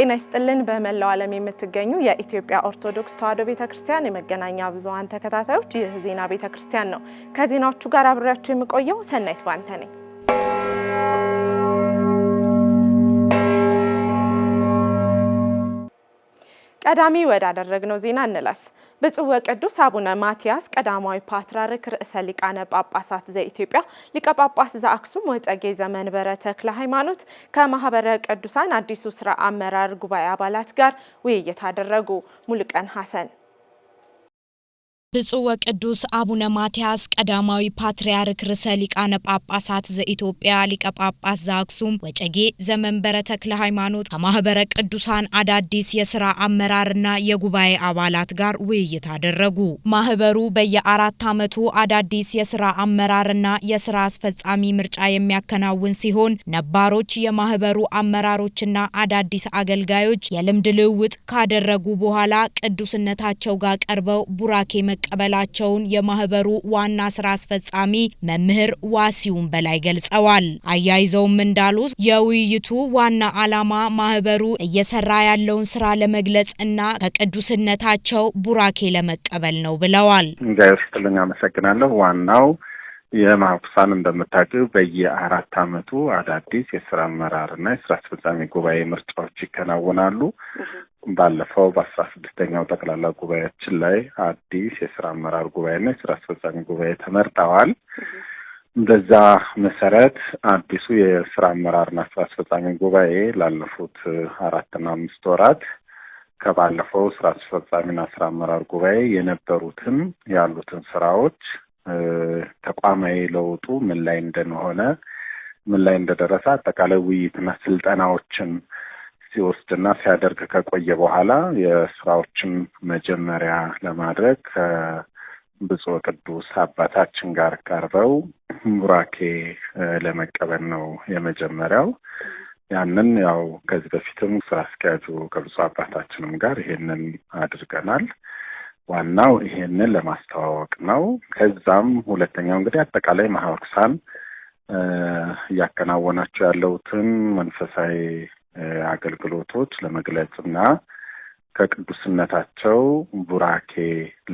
ጤና ይስጥልን። በመላው ዓለም የምትገኙ የኢትዮጵያ ኦርቶዶክስ ተዋሕዶ ቤተክርስቲያን የመገናኛ ብዙኃን ተከታታዮች ይህ ዜና ቤተክርስቲያን ነው። ከዜናዎቹ ጋር አብሬያቸው የምቆየው ሰናይት ባንተ ነኝ። ቀዳሚ ወዳደረግነው ዜና እንለፍ። ብፁዕ ወቅዱስ አቡነ ማትያስ ቀዳማዊ ፓትርያርክ ርዕሰ ሊቃነ ጳጳሳት ዘኢትዮጵያ ሊቀ ጳጳስ ዘአክሱም ወዕጨጌ ዘመንበረ ተክለ ሃይማኖት ከማህበረ ቅዱሳን አዲሱ ስራ አመራር ጉባኤ አባላት ጋር ውይይት አደረጉ። ሙልቀን ሀሰን ብፁዕ ወቅዱስ አቡነ ማትያስ ቀዳማዊ ፓትርያርክ ርዕሰ ሊቃነ ጳጳሳት ዘኢትዮጵያ ሊቀ ጳጳስ ዘአክሱም ወጨጌ ዘመንበረ ተክለ ሃይማኖት ከማህበረ ቅዱሳን አዳዲስ የስራ አመራርና የጉባኤ አባላት ጋር ውይይት አደረጉ። ማህበሩ በየአራት ዓመቱ አዳዲስ የስራ አመራርና የስራ አስፈጻሚ ምርጫ የሚያከናውን ሲሆን ነባሮች የማህበሩ አመራሮችና አዳዲስ አገልጋዮች የልምድ ልውውጥ ካደረጉ በኋላ ቅዱስነታቸው ጋር ቀርበው ቡራኬ መቀበላቸውን የማህበሩ ዋና ስራ አስፈጻሚ መምህር ዋሲውን በላይ ገልጸዋል። አያይዘውም እንዳሉት የውይይቱ ዋና ዓላማ ማህበሩ እየሰራ ያለውን ስራ ለመግለጽ እና ከቅዱስነታቸው ቡራኬ ለመቀበል ነው ብለዋል። እንጃ ይወስጥልኝ። አመሰግናለሁ። ዋናው የማፍሳን እንደምታውቂው በየአራት አመቱ አዳዲስ የስራ አመራር እና የስራ አስፈጻሚ ጉባኤ ምርጫዎች ይከናወናሉ። ባለፈው በአስራ ስድስተኛው ጠቅላላ ጉባኤያችን ላይ አዲስ የስራ አመራር ጉባኤና የስራ አስፈጻሚ ጉባኤ ተመርጠዋል። በዛ መሰረት አዲሱ የስራ አመራርና ስራ አስፈጻሚ ጉባኤ ላለፉት አራትና አምስት ወራት ከባለፈው ስራ አስፈጻሚና ስራ አመራር ጉባኤ የነበሩትን ያሉትን ስራዎች ተቋማዊ ለውጡ ምን ላይ እንደሆነ ምን ላይ እንደደረሰ አጠቃላይ ውይይትና ስልጠናዎችን ሲወስድና ሲያደርግ ከቆየ በኋላ የስራዎችን መጀመሪያ ለማድረግ ብፁዕ ቅዱስ አባታችን ጋር ቀርበው ቡራኬ ለመቀበል ነው የመጀመሪያው። ያንን ያው ከዚህ በፊትም ስራ አስኪያጁ ከብፁዕ አባታችንም ጋር ይሄንን አድርገናል። ዋናው ይሄንን ለማስተዋወቅ ነው። ከዛም ሁለተኛው እንግዲህ አጠቃላይ ማህበረሰብ እያከናወናቸው ያለውትን መንፈሳዊ አገልግሎቶች ለመግለጽ እና ከቅዱስነታቸው ቡራኬ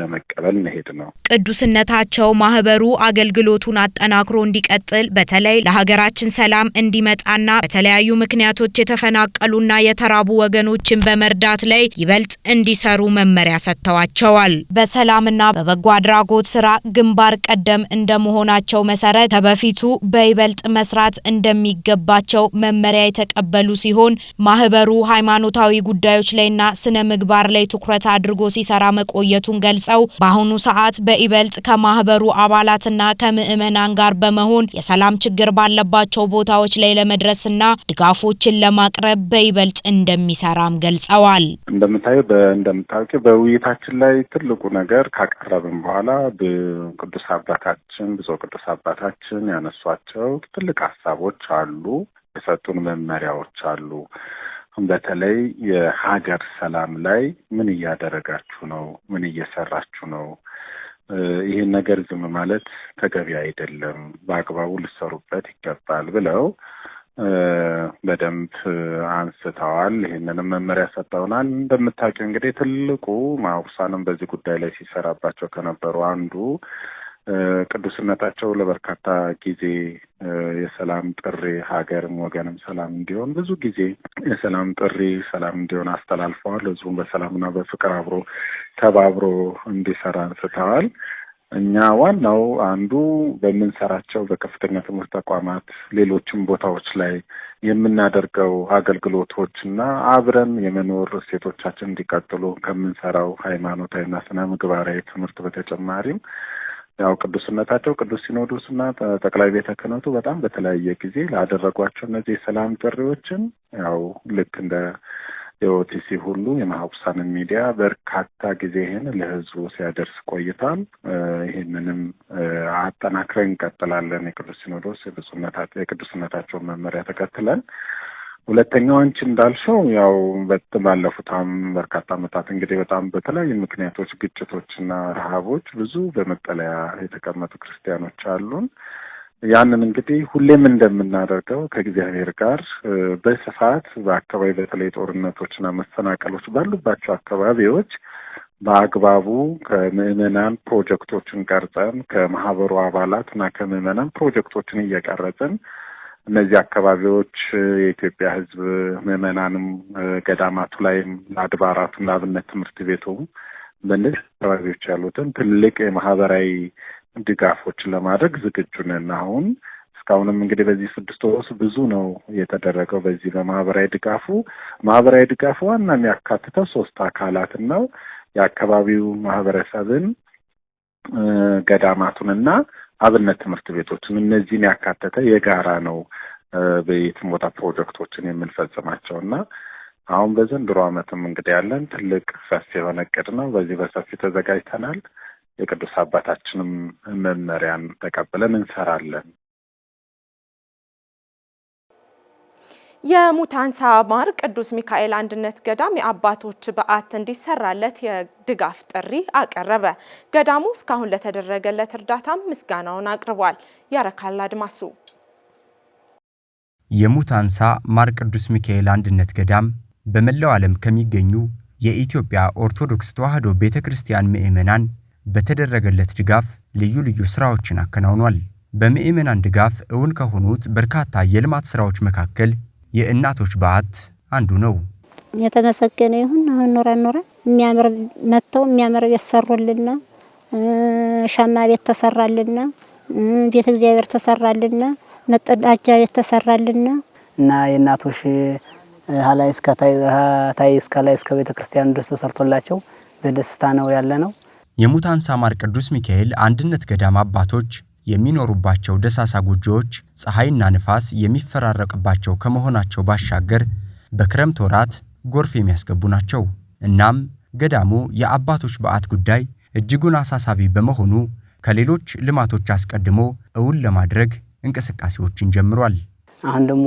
ለመቀበል መሄድ ነው። ቅዱስነታቸው ማህበሩ አገልግሎቱን አጠናክሮ እንዲቀጥል በተለይ ለሀገራችን ሰላም እንዲመጣና በተለያዩ ምክንያቶች የተፈናቀሉና የተራቡ ወገኖችን በመርዳት ላይ ይበልጥ እንዲሰሩ መመሪያ ሰጥተዋቸዋል። በሰላምና በበጎ አድራጎት ስራ ግንባር ቀደም እንደመሆናቸው መሰረት ከበፊቱ በይበልጥ መስራት እንደሚገባቸው መመሪያ የተቀበሉ ሲሆን ማህበሩ ሃይማኖታዊ ጉዳዮች ላይና ስነ ምግባር ላይ ትኩረት አድርጎ ሲሰራ መቆየቱን ገልጸዋል። ገልጸው በአሁኑ ሰዓት በይበልጥ ከማህበሩ አባላትና ከምዕመናን ጋር በመሆን የሰላም ችግር ባለባቸው ቦታዎች ላይ ለመድረስና ድጋፎችን ለማቅረብ በይበልጥ እንደሚሰራም ገልጸዋል። እንደምታዩ እንደምታውቂ በውይይታችን ላይ ትልቁ ነገር ካቀረብን በኋላ ቅዱስ አባታችን ብፁዕ ቅዱስ አባታችን ያነሷቸው ትልቅ ሀሳቦች አሉ፣ የሰጡን መመሪያዎች አሉ። በተለይ የሀገር ሰላም ላይ ምን እያደረጋችሁ ነው? ምን እየሰራችሁ ነው? ይህን ነገር ዝም ማለት ተገቢ አይደለም፣ በአግባቡ ልሰሩበት ይገባል ብለው በደንብ አንስተዋል። ይህንንም መመሪያ ሰጠውናል። እንደምታውቂው እንግዲህ ትልቁ ማውሳንም በዚህ ጉዳይ ላይ ሲሰራባቸው ከነበሩ አንዱ ቅዱስነታቸው ለበርካታ ጊዜ የሰላም ጥሪ ሀገርም ወገንም ሰላም እንዲሆን ብዙ ጊዜ የሰላም ጥሪ ሰላም እንዲሆን አስተላልፈዋል። ህዝቡም በሰላምና በፍቅር አብሮ ተባብሮ እንዲሰራ አንስተዋል። እኛ ዋናው አንዱ በምንሰራቸው በከፍተኛ ትምህርት ተቋማት፣ ሌሎችም ቦታዎች ላይ የምናደርገው አገልግሎቶች እና አብረን የመኖር እሴቶቻችን እንዲቀጥሉ ከምንሰራው ሃይማኖታዊና ስነ ምግባራዊ ትምህርት በተጨማሪም ያው ቅዱስነታቸው ቅዱስ እና ጠቅላይ ቤተ ክህነቱ በጣም በተለያየ ጊዜ ላደረጓቸው እነዚህ የሰላም ጥሪዎችን ያው ልክ እንደ የኦቲሲ ሁሉ የማህቁሳንን ሚዲያ በርካታ ጊዜ ይህን ለህዝቡ ሲያደርስ ቆይቷል። ይህንንም አጠናክረን እንቀጥላለን። የቅዱስ ሲኖዶስ የቅዱስነታቸውን መመሪያ ተከትለን ሁለተኛው አንቺ እንዳልሽው ያው ባለፉት በርካታ አመታት እንግዲህ በጣም በተለያዩ ምክንያቶች ግጭቶችና ረሃቦች ብዙ በመጠለያ የተቀመጡ ክርስቲያኖች አሉን። ያንን እንግዲህ ሁሌም እንደምናደርገው ከእግዚአብሔር ጋር በስፋት በአካባቢ በተለይ ጦርነቶችና መሰናቀሎች ባሉባቸው አካባቢዎች በአግባቡ ከምዕመናን ፕሮጀክቶችን ቀርጸን ከማህበሩ አባላትና ከምዕመናን ፕሮጀክቶችን እየቀረጽን እነዚህ አካባቢዎች የኢትዮጵያ ሕዝብ ምዕመናንም ገዳማቱ ላይም ለአድባራቱም ለአብነት ትምህርት ቤቱ በእነዚህ አካባቢዎች ያሉትን ትልቅ የማህበራዊ ድጋፎችን ለማድረግ ዝግጁ ነን። አሁን እስካሁንም እንግዲህ በዚህ ስድስት ወር ውስጥ ብዙ ነው የተደረገው። በዚህ በማህበራዊ ድጋፉ ማህበራዊ ድጋፉ ዋና የሚያካትተው ሶስት አካላትን ነው የአካባቢው ማህበረሰብን ገዳማቱንና አብነት ትምህርት ቤቶችን እነዚህን ያካተተ የጋራ ነው በየትም ቦታ ፕሮጀክቶችን የምንፈጽማቸው እና አሁን በዘንድሮ ዓመትም እንግዲህ ያለን ትልቅ ሰፊ የሆነ እቅድ ነው። በዚህ በሰፊ ተዘጋጅተናል። የቅዱስ አባታችንም መመሪያን ተቀብለን እንሰራለን። የሙታንሳ ማር ቅዱስ ሚካኤል አንድነት ገዳም የአባቶች በዓት እንዲሰራለት የድጋፍ ጥሪ አቀረበ። ገዳሙ እስካሁን ለተደረገለት እርዳታም ምስጋናውን አቅርቧል። ያረካል አድማሱ የሙታንሳ ማር ቅዱስ ሚካኤል አንድነት ገዳም በመላው ዓለም ከሚገኙ የኢትዮጵያ ኦርቶዶክስ ተዋሕዶ ቤተ ክርስቲያን ምእመናን በተደረገለት ድጋፍ ልዩ ልዩ ስራዎችን አከናውኗል። በምእመናን ድጋፍ እውን ከሆኑት በርካታ የልማት ስራዎች መካከል የእናቶች በዓት አንዱ ነው። የተመሰገነ ይሁን። አሁን ኖረ ኖረ የሚያምር መጥተው የሚያምር ቤት ሰሩልና፣ ሻማ ቤት ተሰራልና፣ ቤተ እግዚአብሔር ተሰራልና፣ መጠዳጃ ቤት ተሰራልና እና የእናቶች ሀላይ እስከ ታይ እስከ ላይ እስከ ቤተ ክርስቲያን ድረስ ተሰርቶላቸው በደስታ ነው ያለ ነው። የሙታንሳ ማር ቅዱስ ሚካኤል አንድነት ገዳም አባቶች የሚኖሩባቸው ደሳሳ ጎጆዎች ፀሐይና ንፋስ የሚፈራረቅባቸው ከመሆናቸው ባሻገር በክረምት ወራት ጎርፍ የሚያስገቡ ናቸው። እናም ገዳሙ የአባቶች በዓት ጉዳይ እጅጉን አሳሳቢ በመሆኑ ከሌሎች ልማቶች አስቀድሞ እውን ለማድረግ እንቅስቃሴዎችን ጀምሯል። አሁን ደግሞ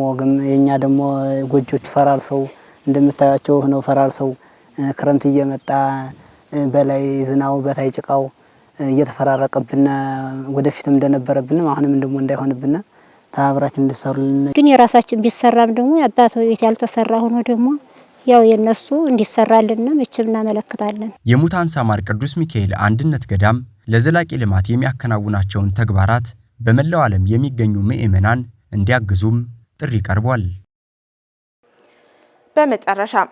የእኛ ደግሞ ጎጆች ፈራርሰው እንደምታያቸው ሆነው ፈራርሰው ክረምት እየመጣ በላይ ዝናቡ በታይ ጭቃው እየተፈራረቀብን ወደፊትም እንደነበረብን አሁንም ደግሞ እንዳይሆንብን ተባብራችሁ እንድሰሩልን ግን የራሳችን ቢሰራም ደግሞ የአባቶ ቤት ያልተሰራ ሆኖ ደግሞ ያው የነሱ እንዲሰራልን መቼም እናመለክታለን። የሙት አንሳማር ቅዱስ ሚካኤል አንድነት ገዳም ለዘላቂ ልማት የሚያከናውናቸውን ተግባራት በመላው ዓለም የሚገኙ ምእመናን እንዲያግዙም ጥሪ ቀርቧል። በመጨረሻም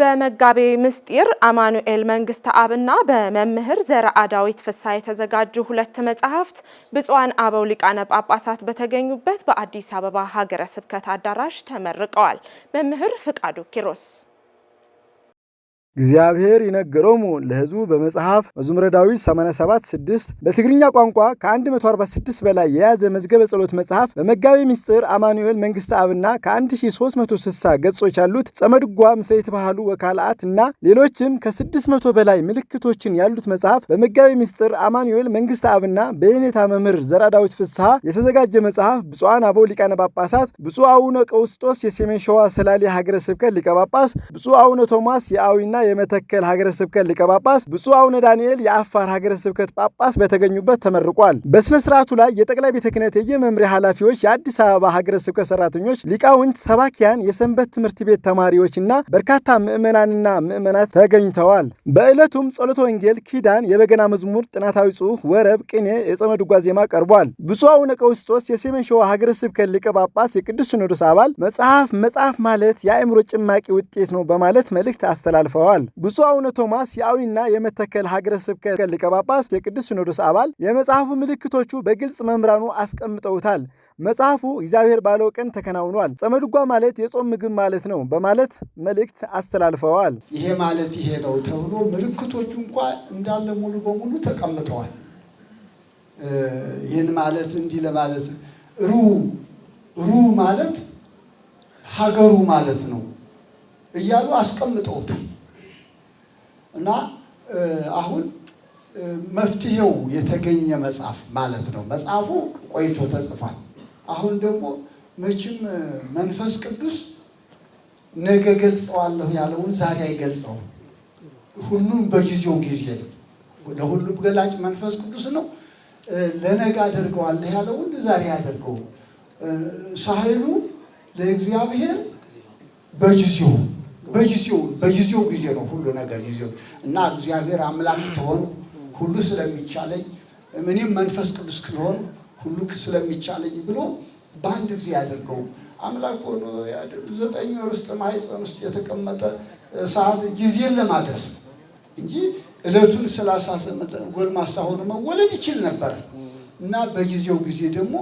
በመጋቤ ምስጢር አማኑኤል መንግስተ አብና በመምህር ዘርአ ዳዊት ፍሳ የተዘጋጁ ሁለት መጽሐፍት ብፁዓን አበው ሊቃነ ጳጳሳት በተገኙበት በአዲስ አበባ ሀገረ ስብከት አዳራሽ ተመርቀዋል። መምህር ፍቃዱ ኪሮስ እግዚአብሔር ይነገሮሙ ለሕዝቡ በመጽሐፍ መዝሙረ ዳዊት 87 6 በትግርኛ ቋንቋ ከ146 በላይ የያዘ መዝገበ ጸሎት መጽሐፍ በመጋቤ ምስጢር አማኑኤል መንግስት አብና ከ1360 ገጾች ያሉት ጸመድጓ ምስለ የተባህሉ ወካልአት እና ሌሎችም ከ600 በላይ ምልክቶችን ያሉት መጽሐፍ በመጋቤ ምስጢር አማኑኤል መንግስት አብና በየኔታ መምህር ዘራዳዊት ፍስሐ የተዘጋጀ መጽሐፍ ብፁዓን አበው ሊቃነ ጳጳሳት ብፁዕ አቡነ ቀውስጦስ የሰሜን ሸዋ ሰላሌ ሀገረ ስብከት ሊቀ ጳጳስ ብፁዕ አቡነ ቶማስ የአዊና የመተከል ሀገረ ስብከት ሊቀ ጳጳስ ብፁዕ አቡነ ዳንኤል የአፋር ሀገረ ስብከት ጳጳስ በተገኙበት ተመርቋል። በሥነ ስርዓቱ ላይ የጠቅላይ ቤተ ክህነት የመምሪያ ኃላፊዎች፣ የአዲስ አበባ ሀገረ ስብከት ሰራተኞች፣ ሊቃውንት፣ ሰባኪያን፣ የሰንበት ትምህርት ቤት ተማሪዎችና በርካታ ምዕመናንና ምዕመናት ተገኝተዋል። በዕለቱም ጸሎተ ወንጌል፣ ኪዳን፣ የበገና መዝሙር፣ ጥናታዊ ጽሑፍ፣ ወረብ፣ ቅኔ፣ የጾመ ድጓ ዜማ ቀርቧል። ብፁዕ አቡነ ቀውስጦስ የሰሜን ሸዋ ሀገረ ስብከት ሊቀ ጳጳስ የቅዱስ ሲኖዶስ አባል መጽሐፍ መጽሐፍ ማለት የአእምሮ ጭማቂ ውጤት ነው በማለት መልእክት አስተላልፈዋል። ተናግረዋል። ብፁዕ አቡነ ቶማስ የአዊና የመተከል ሀገረ ስብከት ሊቀ ጳጳስ፣ የቅዱስ ሲኖዶስ አባል፣ የመጽሐፉ ምልክቶቹ በግልጽ መምህራኑ አስቀምጠውታል። መጽሐፉ እግዚአብሔር ባለው ቀን ተከናውኗል። ጸመድጓ ማለት የጾም ምግብ ማለት ነው በማለት መልእክት አስተላልፈዋል። ይሄ ማለት ይሄ ነው ተብሎ ምልክቶቹ እንኳ እንዳለ ሙሉ በሙሉ ተቀምጠዋል። ይህን ማለት እንዲህ ለማለት ሩ ሩ ማለት ሀገሩ ማለት ነው እያሉ አስቀምጠውታል። እና አሁን መፍትሄው የተገኘ መጽሐፍ ማለት ነው። መጽሐፉ ቆይቶ ተጽፏል። አሁን ደግሞ መቼም መንፈስ ቅዱስ ነገ ገልጸዋለሁ ያለውን ዛሬ አይገልጸውም። ሁሉም በጊዜው ጊዜ ነው። ለሁሉም ገላጭ መንፈስ ቅዱስ ነው። ለነገ አደርገዋለሁ ያለውን ዛሬ አደርገው ሳይሉ ለእግዚአብሔር በጊዜው በጊዜው በጊዜው ጊዜ ነው ሁሉ ነገር ጊዜው እና እግዚአብሔር አምላክ ተሆን ሁሉ ስለሚቻለኝ እኔም መንፈስ ቅዱስ ስለሆኑ ሁሉ ስለሚቻለኝ ብሎ በአንድ ጊዜ ያደርገው አምላክ ሆኖ ዘጠኝ ወር ውስጥ ማህፀን ውስጥ የተቀመጠ ሰዓት ጊዜን ለማድረስ እንጂ እለቱን ስላሳ ጎልማሳ ሆኖ መወለድ ይችል ነበር እና በጊዜው ጊዜ ደግሞ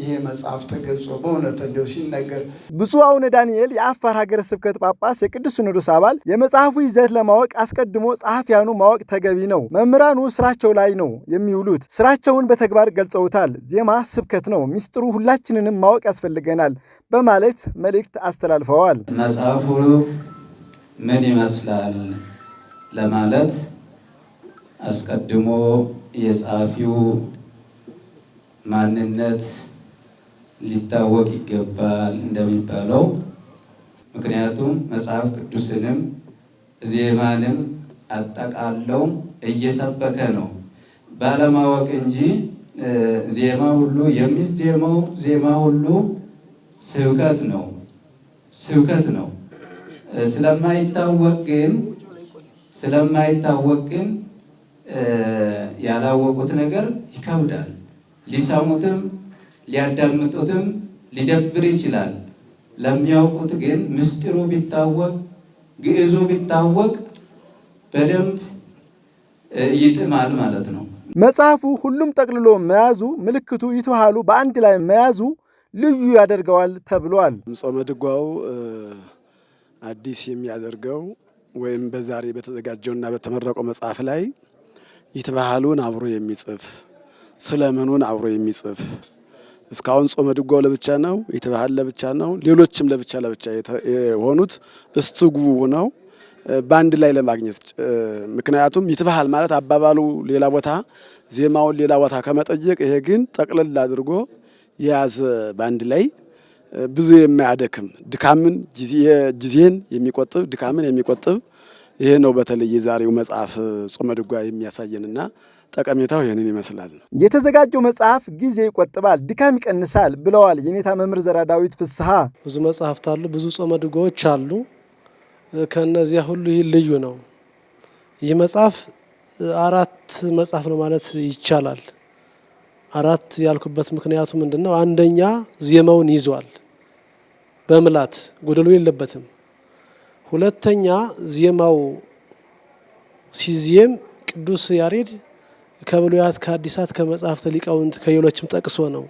ይሄ መጽሐፍ ተገልጾ በእውነት እንደው ሲነገር ብፁዕ አቡነ ዳንኤል የአፋር ሀገረ ስብከት ጳጳስ፣ የቅዱስ ሲኖዶስ አባል። የመጽሐፉ ይዘት ለማወቅ አስቀድሞ ጸሐፊያኑ ማወቅ ተገቢ ነው። መምህራኑ ስራቸው ላይ ነው የሚውሉት። ስራቸውን በተግባር ገልጸውታል። ዜማ ስብከት ነው፣ ሚስጥሩ ሁላችንንም ማወቅ ያስፈልገናል በማለት መልእክት አስተላልፈዋል። መጽሐፉ ምን ይመስላል ለማለት አስቀድሞ የጸሐፊው ማንነት ሊታወቅ ይገባል እንደሚባለው ምክንያቱም መጽሐፍ ቅዱስንም ዜማንም አጠቃለው እየሰበከ ነው። ባለማወቅ እንጂ ዜማ ሁሉ የሚዜመው ዜማ ሁሉ ስብከት ነው ስብከት ነው። ስለማይታወቅ ግን ስለማይታወቅ ግን ያላወቁት ነገር ይከብዳል ሊሰሙትም ሊያዳምጡትም ሊደብር ይችላል። ለሚያውቁት ግን ምስጢሩ ቢታወቅ ግዕዙ ቢታወቅ በደንብ ይጥማል ማለት ነው። መጽሐፉ ሁሉም ጠቅልሎ መያዙ ምልክቱ ይትውሃሉ በአንድ ላይ መያዙ ልዩ ያደርገዋል ተብሏል። ጾመ ድጓው አዲስ የሚያደርገው ወይም በዛሬ በተዘጋጀውና በተመረቀው መጽሐፍ ላይ ይትባሃሉን አብሮ የሚጽፍ ስለምኑን አብሮ የሚጽፍ እስካሁን ጾመ ድጓው ለብቻ ነው፣ የተባህል ለብቻ ነው፣ ሌሎችም ለብቻ ለብቻ የሆኑት እስትጉ ነው በአንድ ላይ ለማግኘት ምክንያቱም ይትባሃል ማለት አባባሉ ሌላ ቦታ ዜማውን ሌላ ቦታ ከመጠየቅ ይሄ ግን ጠቅለል አድርጎ የያዘ በአንድ ላይ ብዙ የማያደክም ድካምን ጊዜን የሚቆጥብ ድካምን የሚቆጥብ ይሄ ነው በተለይ የዛሬው መጽሐፍ ጾመ ድጓ የሚያሳየንና ጠቀሜታው ይህንን ይመስላል። የተዘጋጀው መጽሐፍ ጊዜ ይቆጥባል፣ ድካም ይቀንሳል ብለዋል የኔታ መምህር ዘራ ዳዊት ፍስሐ። ብዙ መጽሐፍት አሉ፣ ብዙ ጾመ ድጓዎች አሉ። ከእነዚያ ሁሉ ይህ ልዩ ነው። ይህ መጽሐፍ አራት መጽሐፍ ነው ማለት ይቻላል። አራት ያልኩበት ምክንያቱ ምንድን ነው? አንደኛ ዜማውን ይዟል፣ በምላት ጎደሎ የለበትም። ሁለተኛ ዜማው ሲዜም ቅዱስ ያሬድ ከብሉያት ከአዲሳት ከመጽሐፍተ ሊቃውንት ከሌሎችም ጠቅሶ ነው።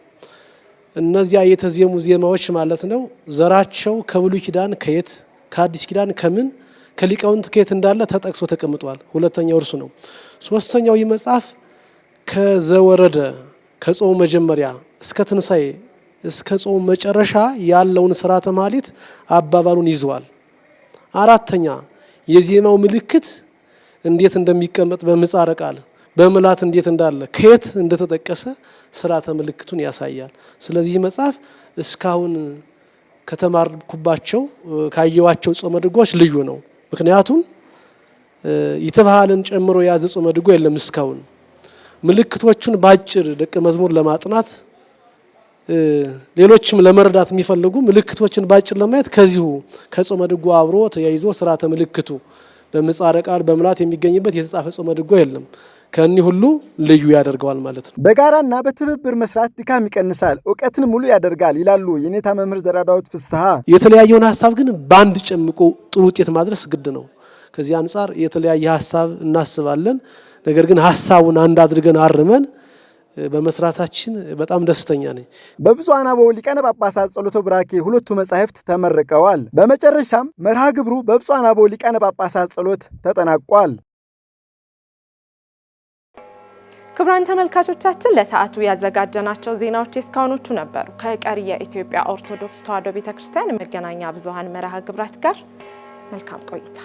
እነዚያ የተዜሙ ዜማዎች ማለት ነው ዘራቸው ከብሉይ ኪዳን ከየት ከአዲስ ኪዳን ከምን ከሊቃውንት ከየት እንዳለ ተጠቅሶ ተቀምጧል። ሁለተኛው እርሱ ነው። ሶስተኛው ይህ መጽሐፍ ከዘወረደ ከጾሙ መጀመሪያ እስከ ትንሣኤ እስከ ጾሙ መጨረሻ ያለውን ስርዓተ ተማሊት አባባሉን ይዘዋል። አራተኛ የዜማው ምልክት እንዴት እንደሚቀመጥ በምጻረቃል? ቃል በምላት እንዴት እንዳለ ከየት እንደተጠቀሰ ስርዓተ ምልክቱን ያሳያል። ስለዚህ መጽሐፍ እስካሁን ከተማርኩባቸው ካየዋቸው ጾመ ድጓዎች ልዩ ነው። ምክንያቱም የተባሃልን ጨምሮ የያዘ ጾመ ድጓ የለም እስካሁን። ምልክቶቹን ባጭር ደቀ መዝሙር ለማጥናት ሌሎችም ለመረዳት የሚፈልጉ ምልክቶችን ባጭር ለማየት ከዚሁ ከጾመ ድጓ አብሮ ተያይዞ ስርዓተ ምልክቱ በምህጻረ ቃል የሚገኝበት የተጻፈ ጾመ ድጓ የለም። ከእኒህ ሁሉ ልዩ ያደርገዋል ማለት ነው። በጋራና በትብብር መስራት ድካም ይቀንሳል፣ እውቀትን ሙሉ ያደርጋል ይላሉ የኔታ መምህር ዘራዳዊት ፍስሐ። የተለያየውን ሀሳብ ግን በአንድ ጨምቆ ጥሩ ውጤት ማድረስ ግድ ነው። ከዚህ አንጻር የተለያየ ሀሳብ እናስባለን። ነገር ግን ሀሳቡን አንድ አድርገን አርመን በመስራታችን በጣም ደስተኛ ነኝ። በብፁዓን አበው ሊቃነ ጳጳሳት ጸሎተ ቡራኬ ሁለቱ መጻሕፍት ተመርቀዋል። በመጨረሻም መርሃ ግብሩ በብፁዓን አበው ሊቃነ ጳጳሳት ጸሎት ተጠናቋል። ክቡራን ተመልካቾቻችን ለሰዓቱ ያዘጋጀናቸው ዜናዎች እስካሁኖቹ ነበሩ። ከቀሪ የኢትዮጵያ ኦርቶዶክስ ተዋሕዶ ቤተክርስቲያን መገናኛ ብዙኃን መርሃ ግብራት ጋር መልካም ቆይታ